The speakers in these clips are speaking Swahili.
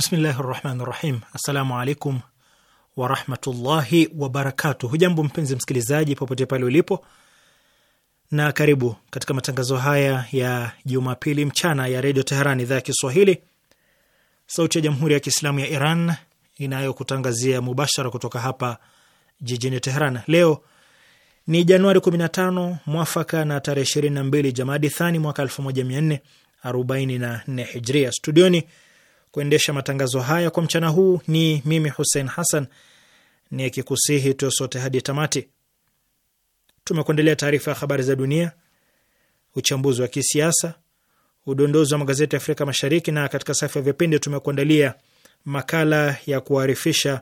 Bismillahi rahmani rahim. Assalamu alaikum warahmatullahi wabarakatuh. Hujambo mpenzi msikilizaji, popote pale ulipo, na karibu katika matangazo haya ya Jumapili mchana ya Redio Teheran, idhaa ya Kiswahili, sauti ya Jamhuri ya Kiislamu ya Iran inayokutangazia mubashara kutoka hapa jijini Teheran. Leo ni Januari 15 mwafaka na tarehe 22 Jamadi Thani mwaka 1444 Hijria. Studioni kuendesha matangazo haya kwa mchana huu ni mimi Hussein Hassan, ni akikusihi tuwe sote hadi tamati. Tumekuendelea taarifa ya habari za dunia, uchambuzi wa kisiasa, udondozi wa magazeti ya Afrika Mashariki, na katika safu ya vipindi tumekuandalia makala ya kuarifisha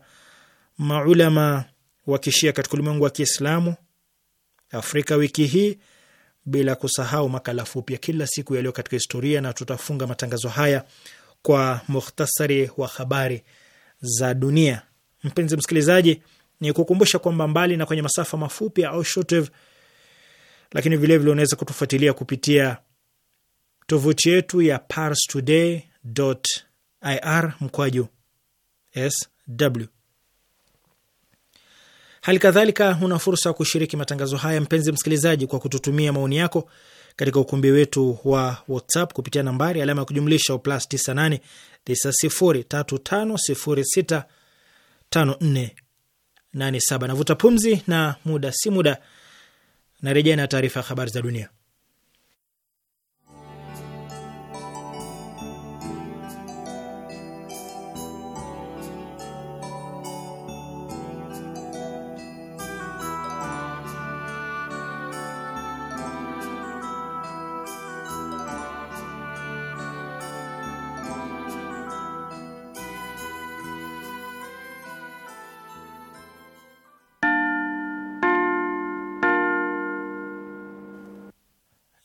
maulama wa kishia katika ulimwengu wa Kiislamu Afrika wiki hii, bila kusahau makala fupi ya kila siku yaliyo katika historia, na tutafunga matangazo haya kwa muhtasari wa habari za dunia. Mpenzi msikilizaji, ni kukumbusha kwamba mbali na kwenye masafa mafupi au shortwave, lakini vilevile unaweza kutufuatilia kupitia tovuti yetu ya parstoday.ir mkwaju sw. Hali kadhalika una fursa ya kushiriki matangazo haya, mpenzi msikilizaji, kwa kututumia maoni yako katika ukumbi wetu wa WhatsApp kupitia nambari alama ya kujumlisha plus 98 9035065487. Navuta pumzi, na muda si muda narejea na taarifa ya habari za dunia.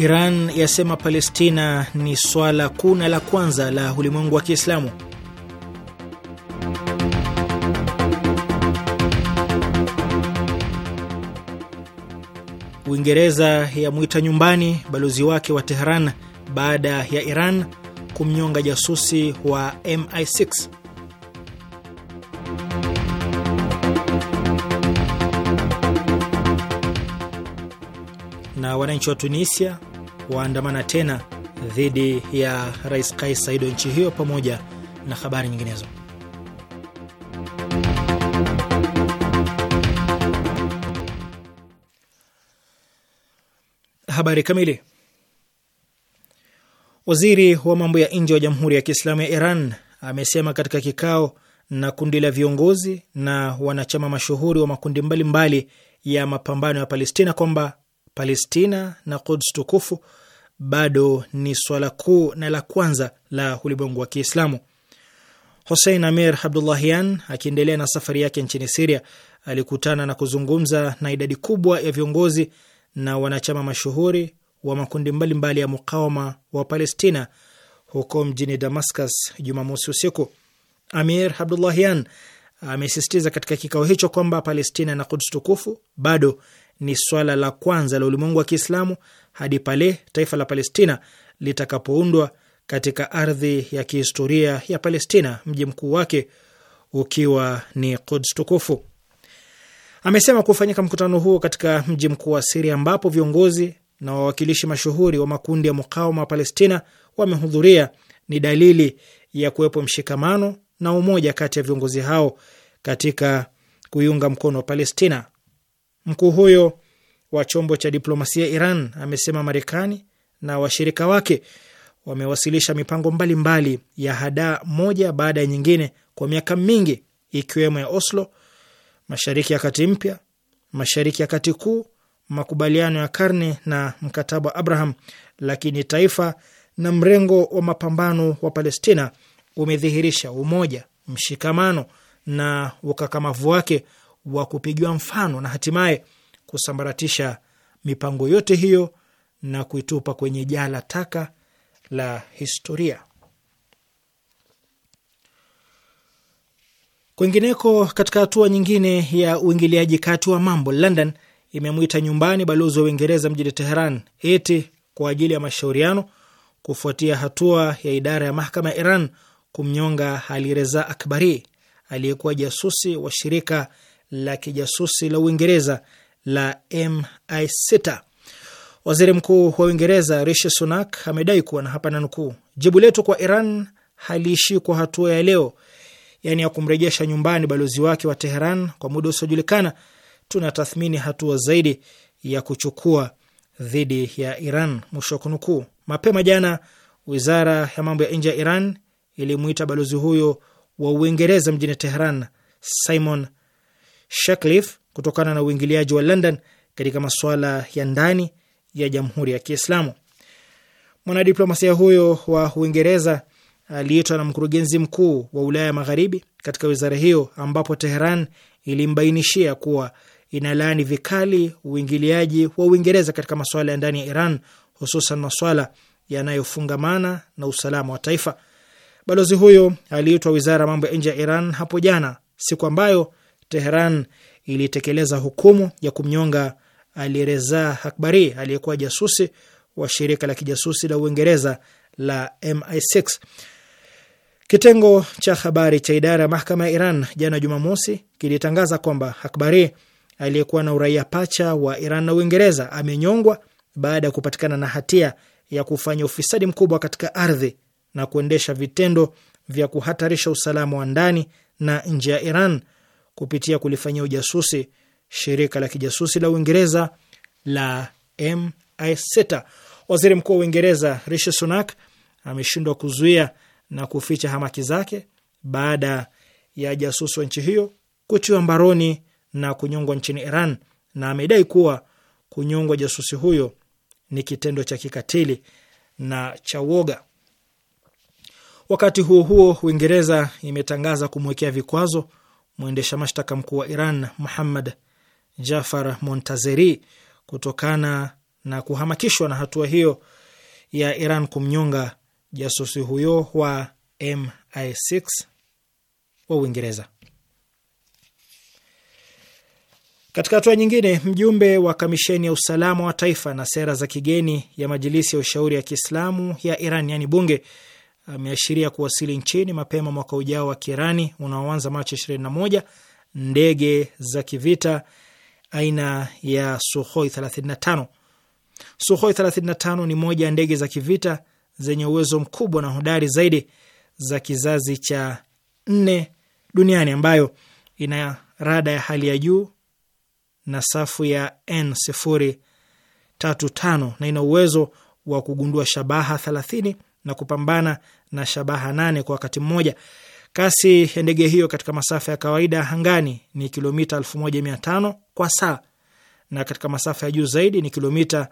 Iran yasema Palestina ni swala kuu na la kwanza la ulimwengu wa Kiislamu. Uingereza yamwita nyumbani balozi wake wa Tehran baada ya Iran kumnyonga jasusi wa MI6. Na wananchi wa Tunisia waandamana tena dhidi ya Rais Kais Saido nchi hiyo, pamoja na habari nyinginezo. Habari kamili. Waziri wa mambo ya nje wa Jamhuri ya Kiislamu ya Iran amesema katika kikao na kundi la viongozi na wanachama mashuhuri wa makundi mbalimbali mbali ya mapambano ya Palestina kwamba Palestina na Quds tukufu bado ni swala kuu na la kwanza la ulimwengu wa Kiislamu. Hussein Amir Abdullahian akiendelea na safari yake nchini Siria alikutana na kuzungumza na idadi kubwa ya viongozi na wanachama mashuhuri wa makundi mbalimbali mbali ya mukawama wa Palestina huko mjini Damascus Jumamosi usiku. Amir Abdullahian amesisitiza katika kikao hicho kwamba Palestina na Kuds tukufu bado ni swala la kwanza la ulimwengu wa Kiislamu hadi pale taifa la Palestina litakapoundwa katika ardhi ya kihistoria ya Palestina, mji mkuu wake ukiwa ni Quds tukufu. Amesema kufanyika mkutano huo katika mji mkuu wa Siria, ambapo viongozi na wawakilishi mashuhuri wa makundi ya mukawama wa Palestina wamehudhuria ni dalili ya kuwepo mshikamano na umoja kati ya viongozi hao katika kuiunga mkono wa Palestina. Mkuu huyo wa chombo cha diplomasia Iran amesema Marekani na washirika wake wamewasilisha mipango mbalimbali mbali ya hadaa moja baada ya nyingine kwa miaka mingi ikiwemo ya Oslo, Mashariki ya Kati mpya, Mashariki ya Kati kuu, makubaliano ya karne na mkataba wa Abraham, lakini taifa na mrengo wa mapambano wa Palestina umedhihirisha umoja, mshikamano na ukakamavu wake wa kupigiwa mfano na hatimaye kusambaratisha mipango yote hiyo na kuitupa kwenye jala taka la historia. Kwingineko, katika hatua nyingine ya uingiliaji kati wa mambo, London imemwita nyumbani balozi wa Uingereza mjini Teheran eti kwa ajili ya mashauriano kufuatia hatua ya idara ya mahakama ya Iran kumnyonga Alireza Akbari aliyekuwa jasusi wa shirika la kijasusi la Uingereza la MI6. Waziri Mkuu wa Uingereza Rishi Sunak amedai kuwa na hapa nukuu, jibu letu kwa Iran haliishii kwa hatua ya leo, yaani ya kumrejesha nyumbani balozi wake wa Teheran kwa muda usiojulikana. Tunatathmini hatua zaidi ya kuchukua dhidi ya Iran, mwisho wa kunukuu. Mapema jana wizara ya mambo ya nje ya Iran ilimuita balozi huyo wa Uingereza mjini Teheran Simon Shekliff kutokana na uingiliaji wa London katika masuala ya ndani ya Jamhuri ya Kiislamu. Mwanadiplomasia huyo wa Uingereza aliitwa na mkurugenzi mkuu wa Ulaya ya Magharibi katika wizara hiyo, ambapo Teheran ilimbainishia kuwa inalaani vikali uingiliaji wa Uingereza katika masuala ya ndani ya Iran, hususan masuala yanayofungamana na usalama wa taifa. Balozi huyo aliitwa wizara ya mambo ya nje ya Iran hapo jana, siku ambayo Teheran ilitekeleza hukumu ya kumnyonga Alireza Akbari aliyekuwa jasusi wa shirika la kijasusi la Uingereza la MI6. Kitengo cha habari cha idara ya mahakama ya Iran jana Jumamosi kilitangaza kwamba Akbari aliyekuwa na uraia pacha wa Iran na Uingereza amenyongwa baada ya kupatikana na hatia ya kufanya ufisadi mkubwa katika ardhi na kuendesha vitendo vya kuhatarisha usalama wa ndani na nje ya Iran kupitia kulifanyia ujasusi shirika la kijasusi la Uingereza la MI6. Waziri mkuu wa Uingereza Rishi Sunak ameshindwa kuzuia na kuficha hamaki zake baada ya jasusi wa nchi hiyo kutiwa mbaroni na kunyongwa nchini Iran, na amedai kuwa kunyongwa jasusi huyo ni kitendo cha kikatili na cha uoga. Wakati huo huo, Uingereza imetangaza kumwekea vikwazo mwendesha mashtaka mkuu wa Iran Muhammad Jafar Montazeri kutokana na kuhamakishwa na hatua hiyo ya Iran kumnyonga jasusi huyo wa MI6 wa Uingereza. Katika hatua nyingine, mjumbe wa kamisheni ya usalama wa taifa na sera za kigeni ya Majilisi ya Ushauri ya Kiislamu ya Iran, yaani bunge ameashiria kuwasili nchini mapema mwaka ujao wa Kirani unaoanza Machi 21 ndege za kivita aina ya Suhoi 35. Suhoi 35 ni moja ya ndege za kivita zenye uwezo mkubwa na hodari zaidi za kizazi cha nne duniani ambayo ina rada ya hali ya juu na safu ya N035 na ina uwezo wa kugundua shabaha 30 na kupambana na shabaha nane kwa wakati mmoja. Kasi ya ndege hiyo katika masafa ya kawaida hangani ni kilomita 1500 kwa saa na katika masafa ya juu zaidi ni kilomita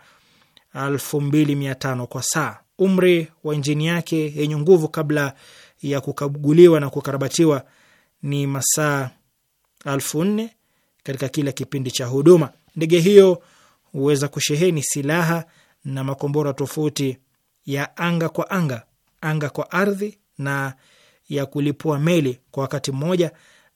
2500 kwa saa. Umri wa injini yake yenye nguvu kabla ya kukaguliwa na kukarabatiwa ni masaa 4000 katika kila kipindi cha huduma. Ndege hiyo huweza kusheheni silaha na makombora tofauti ya anga kwa anga anga kwa ardhi na ya kulipua meli kwa wakati mmoja,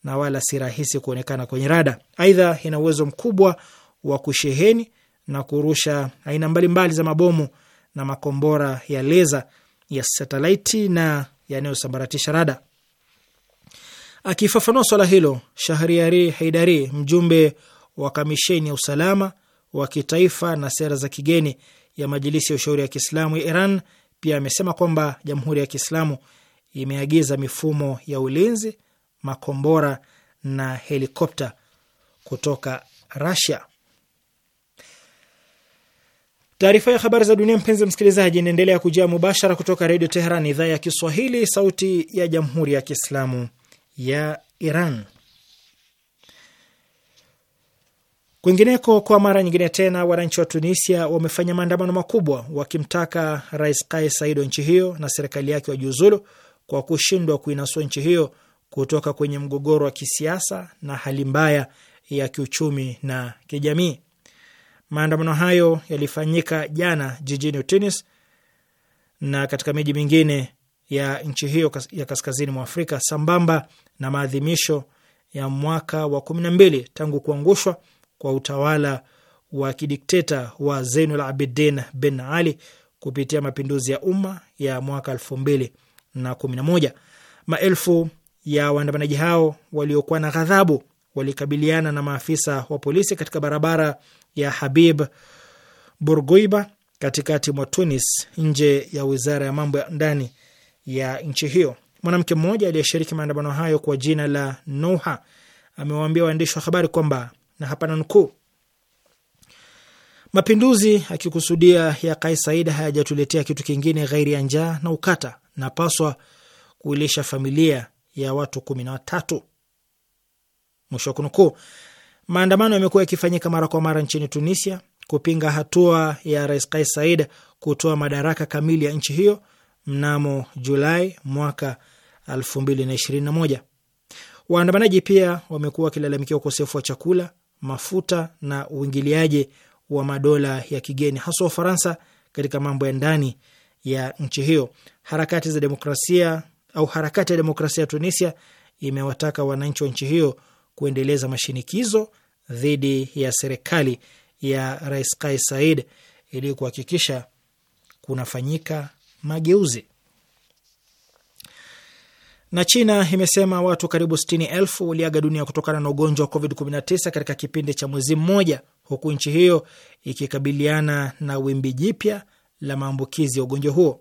na wala si rahisi kuonekana kwenye rada. Aidha, ina uwezo mkubwa wa kusheheni na kurusha aina mbalimbali za mabomu na makombora ya leza ya satelaiti na yanayosambaratisha rada. Akifafanua swala hilo, Shahriari Haidari, mjumbe wa kamisheni ya usalama wa kitaifa na sera za kigeni ya Majilisi ya Ushauri ya Kiislamu ya Iran pia amesema kwamba Jamhuri ya Kiislamu imeagiza mifumo ya ulinzi, makombora na helikopta kutoka Rasia. Taarifa ya habari za dunia, mpenzi msikilizaji, inaendelea kujia mubashara kutoka Redio Teheran, idhaa ya Kiswahili, sauti ya Jamhuri ya Kiislamu ya Iran. Kwingineko, kwa mara nyingine tena, wananchi wa Tunisia wamefanya maandamano makubwa wakimtaka Rais Kais Saied wa nchi hiyo na serikali yake wajiuzulu kwa kushindwa kuinasua nchi hiyo kutoka kwenye mgogoro wa kisiasa na hali mbaya ya kiuchumi na kijamii. Maandamano hayo yalifanyika jana jijini Tunis na katika miji mingine ya nchi hiyo ya kaskazini mwa Afrika sambamba na maadhimisho ya mwaka wa kumi na mbili tangu kuangushwa kwa utawala wa kidikteta wa Zeinul Abidin bin Ali kupitia mapinduzi ya umma ya mwaka elfu mbili na kumi na moja. Maelfu ya waandamanaji hao waliokuwa na ghadhabu walikabiliana na maafisa wa polisi katika barabara ya Habib Burguiba katikati mwa Tunis, nje ya wizara ya mambo ya ndani ya nchi hiyo. Mwanamke mmoja aliyeshiriki maandamano hayo kwa jina la Nouha amewaambia waandishi wa habari kwamba na hapana nukuu. Mapinduzi akikusudia ya Kais Said hayajatuletea kitu kingine ghairi ya njaa na ukata. Napaswa kuilisha familia ya watu kumi na watatu, mwisho wa kunukuu. Maandamano yamekuwa yakifanyika mara kwa mara nchini Tunisia kupinga hatua ya Rais Kais Said kutoa madaraka kamili ya nchi hiyo mnamo Julai mwaka 2021. Waandamanaji pia wamekuwa wakilalamikia ukosefu wa chakula mafuta na uingiliaji wa madola ya kigeni hasa Ufaransa katika mambo ya ndani ya nchi hiyo. Harakati za demokrasia au harakati ya demokrasia ya Tunisia imewataka wananchi wa nchi hiyo kuendeleza mashinikizo dhidi ya serikali ya Rais Kais Saied ili kuhakikisha kunafanyika mageuzi. Na China imesema watu karibu sitini elfu waliaga dunia kutokana na ugonjwa wa COVID-19 katika kipindi cha mwezi mmoja, huku nchi hiyo ikikabiliana na wimbi jipya la maambukizi ya ugonjwa huo.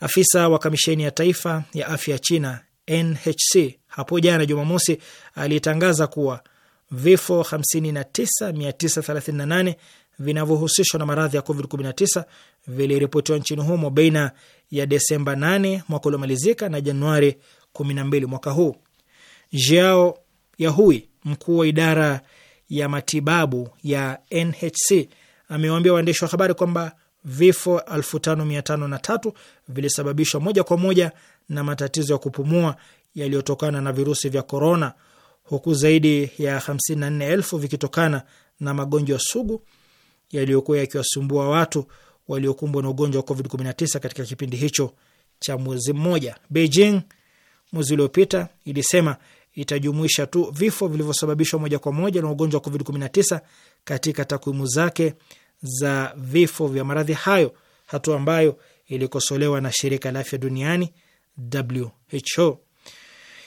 Afisa wa kamisheni ya taifa ya afya ya China NHC hapo jana Jumamosi alitangaza kuwa vifo 59938 vinavyohusishwa na maradhi ya COVID-19 viliripotiwa nchini humo baina ya Desemba 8 mwaka uliomalizika na Januari 12 mwaka huu. Jiao Yahui, mkuu wa idara ya matibabu ya NHC, amewaambia waandishi wa habari kwamba vifo 5503 vilisababishwa moja kwa moja na matatizo ya kupumua yaliyotokana na virusi vya korona, huku zaidi ya 54,000 vikitokana na magonjwa sugu yaliyokuwa yakiwasumbua watu waliokumbwa na ugonjwa wa COVID-19 katika kipindi hicho cha mwezi mmoja. Beijing mwezi uliopita ilisema itajumuisha tu vifo vilivyosababishwa moja kwa moja na ugonjwa wa COVID-19 katika takwimu zake za vifo vya maradhi hayo, hatua ambayo ilikosolewa na shirika la afya duniani WHO.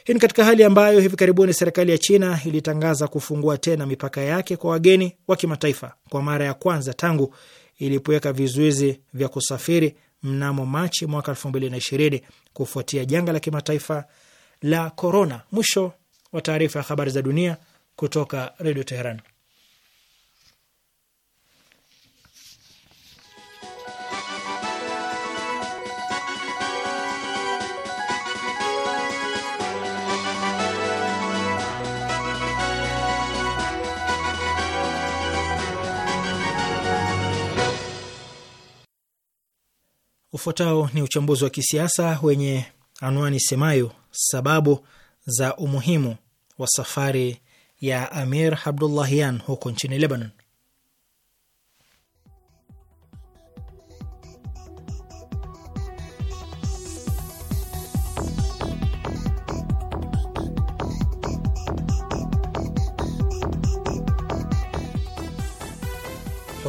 Hii ni katika hali ambayo hivi karibuni serikali ya China ilitangaza kufungua tena mipaka yake kwa wageni wa kimataifa kwa mara ya kwanza tangu ilipoweka vizuizi vya kusafiri mnamo Machi mwaka elfu mbili na ishirini kufuatia janga la kimataifa la korona. Mwisho wa taarifa ya habari za dunia kutoka Redio Teheran. Ufuatao ni uchambuzi wa kisiasa wenye anwani semayo sababu za umuhimu wa safari ya Amir Abdullahian huko nchini Lebanon.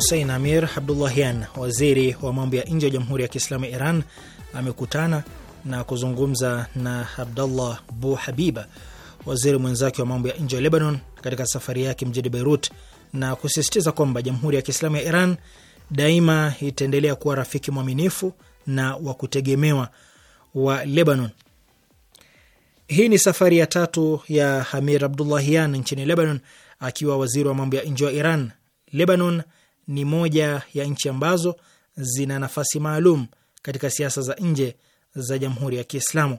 Hussein Amir Abdullahian, waziri wa mambo ya nje wa Jamhuri ya Kiislamu ya Iran, amekutana na kuzungumza na Abdallah Bu Habiba, waziri mwenzake wa mambo ya nje wa Lebanon, katika safari yake mjini Beirut na kusisitiza kwamba Jamhuri ya Kiislamu ya Iran daima itaendelea kuwa rafiki mwaminifu na wa kutegemewa wa Lebanon. Hii ni safari ya tatu ya Hamir Abdullahian nchini Lebanon akiwa waziri wa mambo ya nje wa Iran. Lebanon ni moja ya nchi ambazo zina nafasi maalum katika siasa za nje za Jamhuri ya Kiislamu.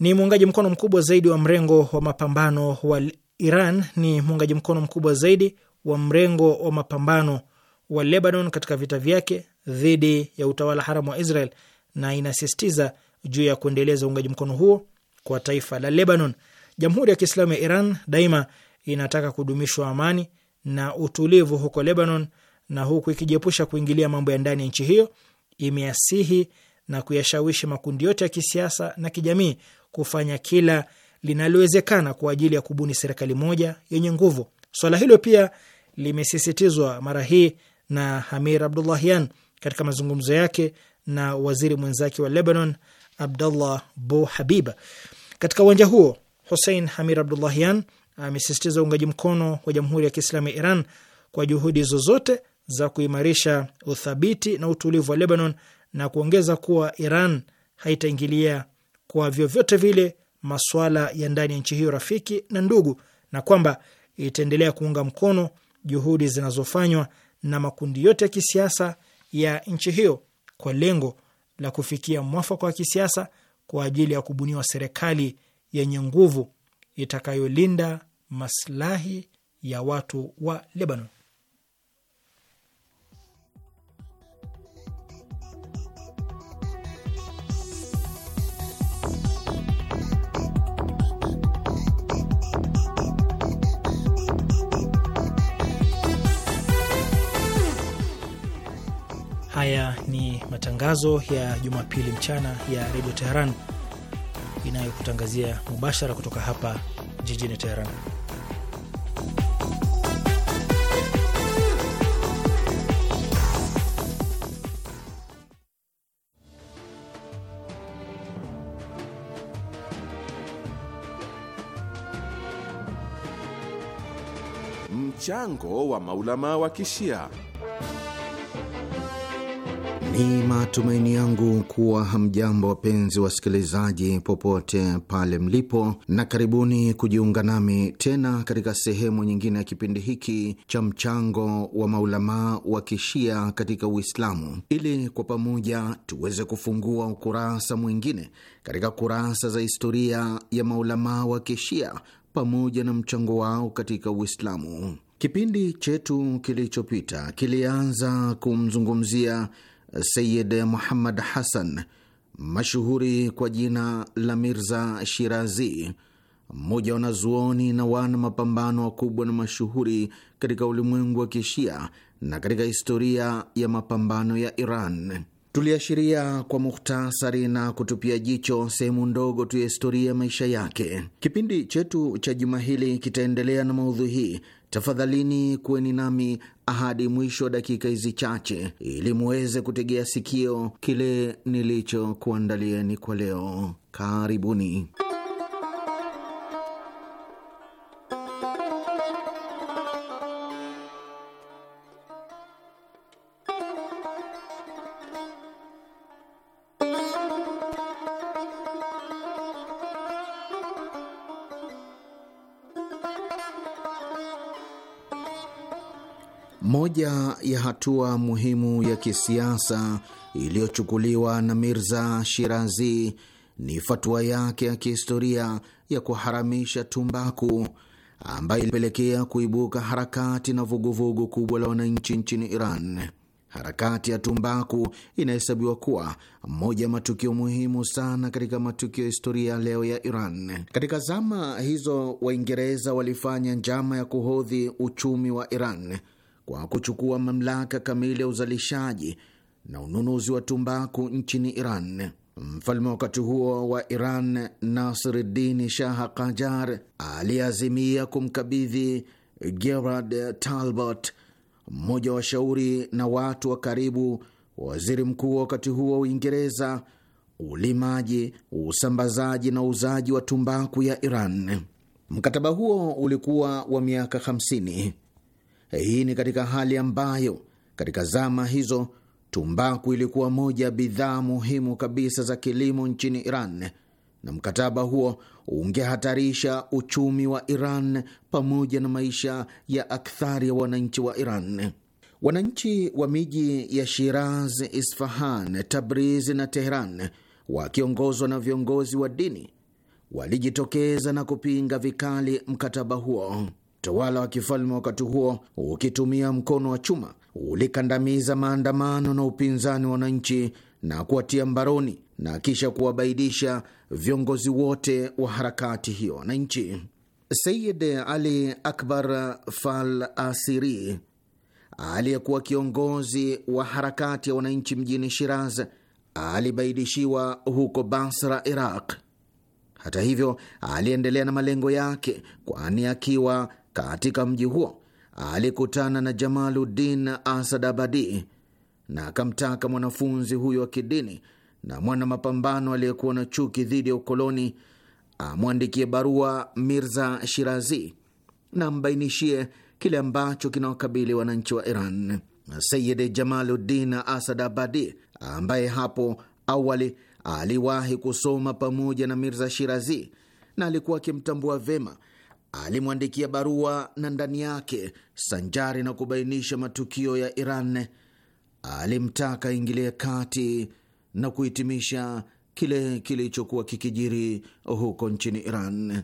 Ni muungaji mkono mkubwa zaidi wa mrengo wa mapambano wa Iran ni muungaji mkono mkubwa zaidi wa mrengo wa mapambano wa Lebanon katika vita vyake dhidi ya utawala haramu wa Israel na inasisitiza juu ya kuendeleza uungaji mkono huo kwa taifa la Lebanon. Jamhuri ya Kiislamu ya Iran daima inataka kudumishwa amani na utulivu huko Lebanon, na huku ikijiepusha kuingilia mambo ya ndani ya nchi hiyo, imeasihi na kuyashawishi makundi yote ya kisiasa na kijamii kufanya kila linalowezekana kwa ajili ya kubuni serikali moja yenye nguvu. Swala hilo pia limesisitizwa mara hii na Hamir Abdullahian katika mazungumzo yake na waziri mwenzake wa Lebanon Abdullah Bo Habiba. Katika uwanja huo, Hussein Hamir Abdullahian amesisitiza uungaji mkono wa Jamhuri ya Kiislamu ya Iran kwa juhudi zozote za kuimarisha uthabiti na utulivu wa Lebanon na kuongeza kuwa Iran haitaingilia kwa vyovyote vile masuala ya ndani ya nchi hiyo rafiki na ndugu, na kwamba itaendelea kuunga mkono juhudi zinazofanywa na makundi yote ya kisiasa ya nchi hiyo kwa lengo la kufikia mwafaka wa kisiasa kwa ajili ya kubuniwa serikali yenye nguvu itakayolinda maslahi ya watu wa Lebanon. Haya ni matangazo ya Jumapili mchana ya Redio Teheran inayokutangazia mubashara kutoka hapa jijini Teheran. Mchango wa maulama wa Kishia. Ni matumaini yangu kuwa hamjambo wapenzi wasikilizaji, popote pale mlipo, na karibuni kujiunga nami tena katika sehemu nyingine ya kipindi hiki cha mchango wa maulamaa wa kishia katika Uislamu, ili kwa pamoja tuweze kufungua ukurasa mwingine katika kurasa za historia ya maulamaa wa kishia pamoja na mchango wao katika Uislamu. Kipindi chetu kilichopita kilianza kumzungumzia Sayid Muhammad Hassan, mashuhuri kwa jina la Mirza Shirazi, mmoja wanazuoni na wana mapambano wakubwa na mashuhuri katika ulimwengu wa Kishia na katika historia ya mapambano ya Iran. Tuliashiria kwa muhtasari na kutupia jicho sehemu ndogo tu ya historia ya maisha yake. Kipindi chetu cha juma hili kitaendelea na maudhui hii Tafadhalini kuweni nami ahadi mwisho wa dakika hizi chache, ili muweze kutegea sikio kile nilichokuandalieni kwa leo. Karibuni. ya hatua muhimu ya kisiasa iliyochukuliwa na Mirza Shirazi ni fatua yake ya kihistoria ya kuharamisha tumbaku ambayo ilipelekea kuibuka harakati na vuguvugu kubwa la wananchi nchini Iran. Harakati ya tumbaku inahesabiwa kuwa moja ya matukio muhimu sana katika matukio ya historia leo ya Iran. Katika zama hizo, Waingereza walifanya njama ya kuhodhi uchumi wa Iran kwa kuchukua mamlaka kamili ya uzalishaji na ununuzi wa tumbaku nchini Iran. Mfalme wakati huo wa Iran, Nasiruddin Shah Kajar, aliazimia kumkabidhi Gerard Talbot, mmoja wa shauri na watu wa karibu waziri mkuu wa wakati huo wa Uingereza, ulimaji, usambazaji na uuzaji wa tumbaku ya Iran. Mkataba huo ulikuwa wa miaka 50. Hii ni katika hali ambayo katika zama hizo tumbaku ilikuwa moja ya bidhaa muhimu kabisa za kilimo nchini Iran, na mkataba huo ungehatarisha uchumi wa Iran pamoja na maisha ya akthari ya wananchi wa Iran. Wananchi wa miji ya Shiraz, Isfahan, Tabriz na Teheran wakiongozwa na viongozi wa dini walijitokeza na kupinga vikali mkataba huo. Utawala wa kifalme wakati huo ukitumia mkono wa chuma ulikandamiza maandamano na upinzani wa wananchi na kuwatia mbaroni na kisha kuwabaidisha viongozi wote wa harakati hiyo wananchi. Sayid Ali Akbar Fal Asiri aliyekuwa kiongozi wa harakati ya wananchi mjini Shiraz alibaidishiwa huko Basra, Iraq. Hata hivyo, aliendelea na malengo yake, kwani akiwa katika mji huo alikutana na Jamaluddin Asadabadi na akamtaka mwanafunzi huyo wa kidini na mwana mapambano aliyekuwa na chuki dhidi ya ukoloni amwandikie barua Mirza Shirazi na ambainishie kile ambacho kinawakabili wananchi wa Iran. Sayid Jamaluddin Asadabadi, ambaye hapo awali aliwahi kusoma pamoja na Mirza Shirazi na alikuwa akimtambua vema alimwandikia barua na ndani yake, sanjari na kubainisha matukio ya Iran, alimtaka ingilie kati na kuhitimisha kile kilichokuwa kikijiri huko nchini Iran.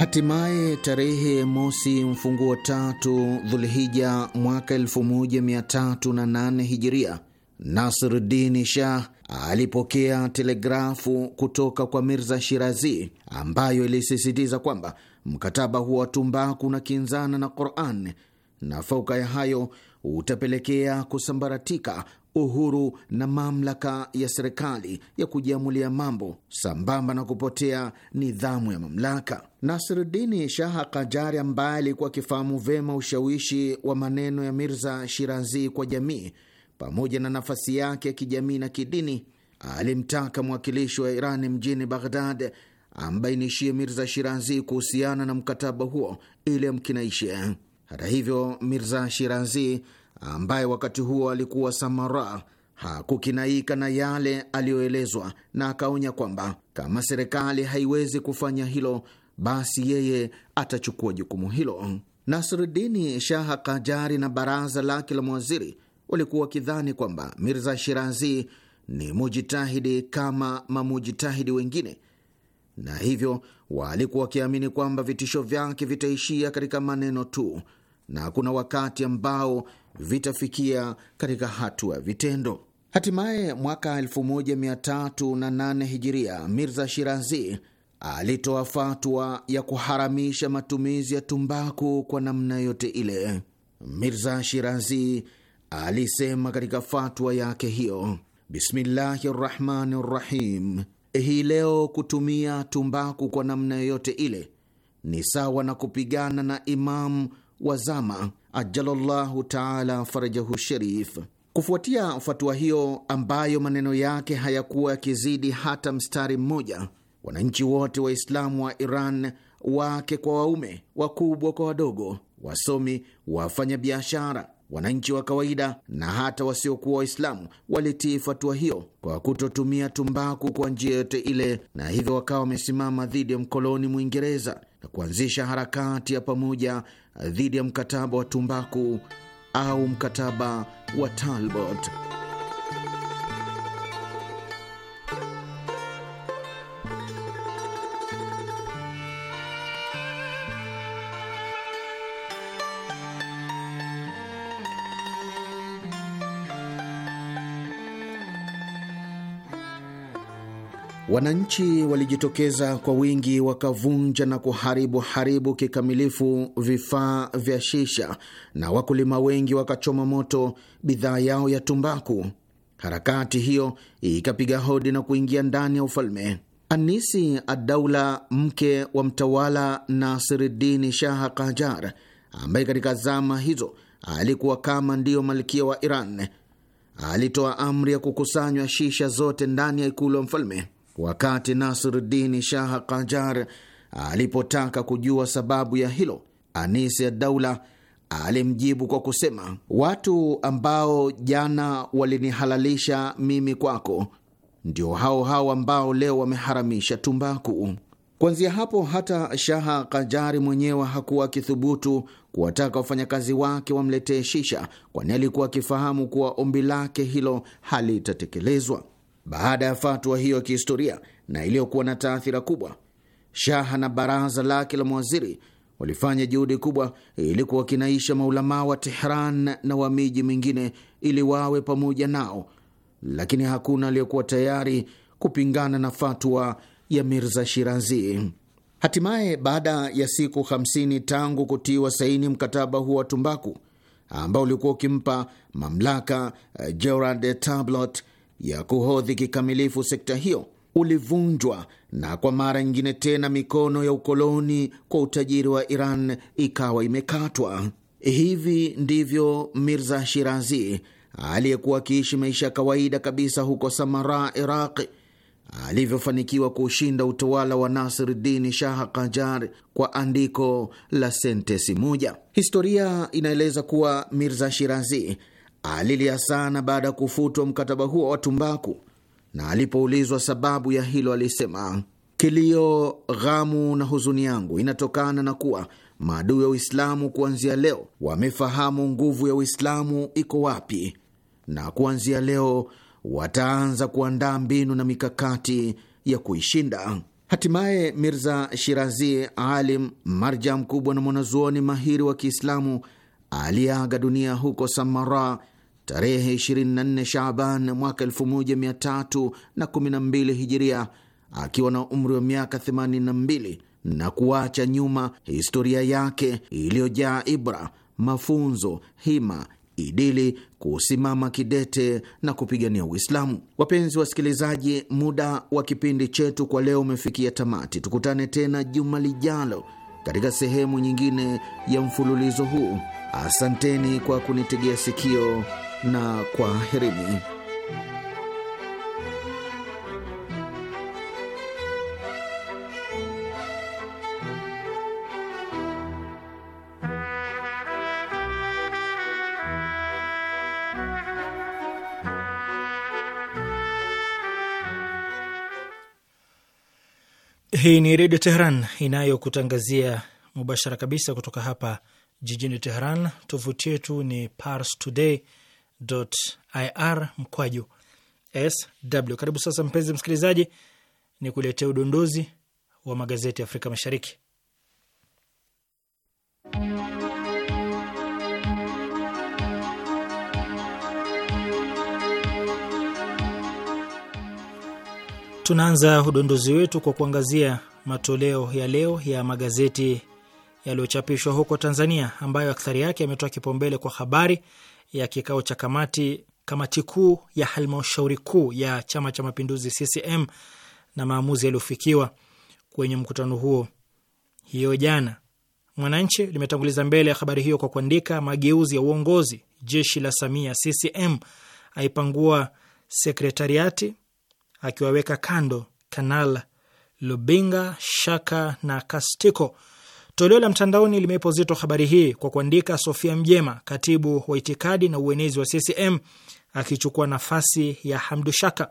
Hatimaye tarehe mosi mfunguo tatu Dhulhija mwaka 1308 Hijiria, Nasruddin Shah alipokea telegrafu kutoka kwa Mirza Shirazi ambayo ilisisitiza kwamba mkataba huo wa tumbaku unakinzana na Quran na fauka ya hayo utapelekea kusambaratika uhuru na mamlaka ya serikali ya kujiamulia mambo sambamba na kupotea nidhamu ya mamlaka. Nasrudini Shaha Kajari, ambaye alikuwa akifahamu vyema ushawishi wa maneno ya Mirza Shirazi kwa jamii pamoja na nafasi yake ya kijamii na kidini, alimtaka mwakilishi wa Irani mjini Baghdad ambainishie Mirza Shirazi kuhusiana na mkataba huo ili amkinaishe. Hata hivyo, Mirza Shirazi ambaye wakati huo alikuwa Samara hakukinaika na yale aliyoelezwa na akaonya kwamba kama serikali haiwezi kufanya hilo, basi yeye atachukua jukumu hilo. Nasrudini Shaha Kajari na baraza lake la mawaziri walikuwa wakidhani kwamba Mirza Shirazi ni mujitahidi kama mamujitahidi wengine, na hivyo walikuwa wakiamini kwamba vitisho vyake vitaishia katika maneno tu, na kuna wakati ambao vitafikia katika hatua ya vitendo. Hatimaye mwaka 1308 hijiria, Mirza Shirazi alitoa fatwa ya kuharamisha matumizi ya tumbaku kwa namna yote ile. Mirza Shirazi alisema katika fatwa yake hiyo, bismillahi rahmani rahim, hii leo kutumia tumbaku kwa namna yoyote ile ni sawa na kupigana na imamu zama ajalallahu taala farajahu sharif. Kufuatia fatua hiyo ambayo maneno yake hayakuwa yakizidi hata mstari mmoja, wananchi wote Waislamu wa Iran, wake kwa waume, wakubwa kwa wadogo, wasomi, wafanyabiashara, wananchi wa kawaida na hata wasiokuwa Waislamu walitii fatua hiyo kwa kutotumia tumbaku kwa njia yote ile, na hivyo wakawa wamesimama dhidi ya mkoloni Mwingereza na kuanzisha harakati ya pamoja dhidi ya mkataba wa tumbaku au mkataba wa Talbot. Wananchi walijitokeza kwa wingi wakavunja na kuharibu haribu kikamilifu vifaa vya shisha na wakulima wengi wakachoma moto bidhaa yao ya tumbaku. Harakati hiyo ikapiga hodi na kuingia ndani ya ufalme. Anisi Adaula, mke wa mtawala Nasiridini Shaha Kajar, ambaye katika zama hizo alikuwa kama ndiyo malkia wa Iran, alitoa amri ya kukusanywa shisha zote ndani ya ikulu ya mfalme. Wakati Nasiruddin Shah Kajar alipotaka kujua sababu ya hilo, Anis ya Daula alimjibu kwa kusema, watu ambao jana walinihalalisha mimi kwako ndio hao hao ambao leo wameharamisha tumbaku. Kuanzia hapo hata Shaha Kajari mwenyewe hakuwa akithubutu kuwataka wafanyakazi wake wamletee shisha, kwani alikuwa akifahamu kuwa ombi lake hilo halitatekelezwa. Baada ya fatwa hiyo ya kihistoria na iliyokuwa na taathira kubwa, shaha na baraza lake la mawaziri walifanya juhudi kubwa ili kuwakinaisha maulamaa wa Tehran na wa miji mingine ili wawe pamoja nao, lakini hakuna aliyekuwa tayari kupingana na fatwa ya Mirza Shirazi. Hatimaye, baada ya siku 50 tangu kutiwa saini mkataba huo wa tumbaku ambao ulikuwa ukimpa mamlaka eh, Gerard Tablot ya kuhodhi kikamilifu sekta hiyo ulivunjwa na kwa mara nyingine tena mikono ya ukoloni kwa utajiri wa Iran ikawa imekatwa. Hivi ndivyo Mirza Shirazi aliyekuwa akiishi maisha ya kawaida kabisa huko Samara, Iraq, alivyofanikiwa kuushinda utawala wa Nasiruddin Shah Kajar kwa andiko la sentesi moja. Historia inaeleza kuwa Mirza Shirazi Alilia sana baada ya kufutwa mkataba huo wa tumbaku, na alipoulizwa sababu ya hilo alisema, kilio, ghamu na huzuni yangu inatokana na kuwa maadui ya Uislamu kuanzia leo wamefahamu nguvu ya Uislamu iko wapi, na kuanzia leo wataanza kuandaa mbinu na mikakati ya kuishinda. Hatimaye Mirza Shirazi, alim marja mkubwa na mwanazuoni mahiri wa Kiislamu, aliyeaga dunia huko Samara tarehe 24 Shaaban mwaka 1312 Hijiria, akiwa na umri wa miaka 82 na kuacha nyuma historia yake iliyojaa ibra, mafunzo, hima, idili, kusimama kidete na kupigania Uislamu. Wapenzi wasikilizaji, muda wa kipindi chetu kwa leo umefikia tamati. Tukutane tena juma lijalo katika sehemu nyingine ya mfululizo huu. Asanteni kwa kunitegea sikio na kwaherini. Hii ni Redio Teheran inayokutangazia mubashara kabisa kutoka hapa jijini Teheran. Tovuti yetu ni Pars Today ir mkwaju sw. Karibu sasa, mpenzi msikilizaji, ni kuletea udondozi wa magazeti ya Afrika Mashariki. Tunaanza udondozi wetu kwa kuangazia matoleo ya leo ya magazeti yaliyochapishwa huko Tanzania, ambayo akthari yake yametoa kipaumbele kwa habari ya kikao cha kamati kamati kuu ya halmashauri kuu ya Chama cha Mapinduzi CCM na maamuzi yaliyofikiwa kwenye mkutano huo hiyo jana. Mwananchi limetanguliza mbele ya habari hiyo kwa kuandika mageuzi ya uongozi, jeshi la Samia, CCM aipangua sekretariati akiwaweka kando Kanal Lubinga, Shaka na Kastiko Toleo la mtandaoni limeipa uzito habari hii kwa kuandika, Sofia Mjema, katibu wa itikadi na uenezi wa CCM akichukua nafasi ya Hamdu Shaka.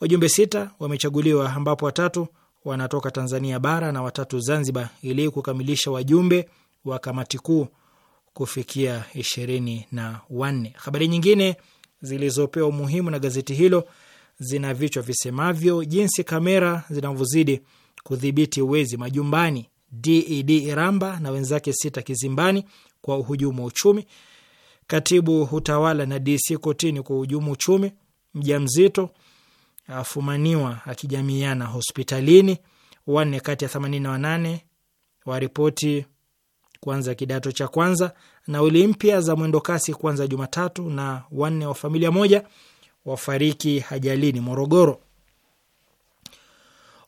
Wajumbe sita wamechaguliwa ambapo watatu wanatoka Tanzania bara na watatu Zanzibar ili kukamilisha wajumbe wa kamati kuu kufikia ishirini na wanne. Habari nyingine zilizopewa umuhimu na gazeti hilo zina vichwa visemavyo: jinsi kamera zinavyozidi kudhibiti wezi majumbani, DED e Iramba na wenzake sita kizimbani kwa uhujumu wa uchumi, katibu utawala na DC kotini kwa uhujumu uchumi, mjamzito afumaniwa akijamiana hospitalini, wanne kati ya wanane waripoti kuanza kidato cha kwanza. Nauli mpya za mwendokasi kuanza Jumatatu, na wanne wa familia moja wafariki ajalini Morogoro.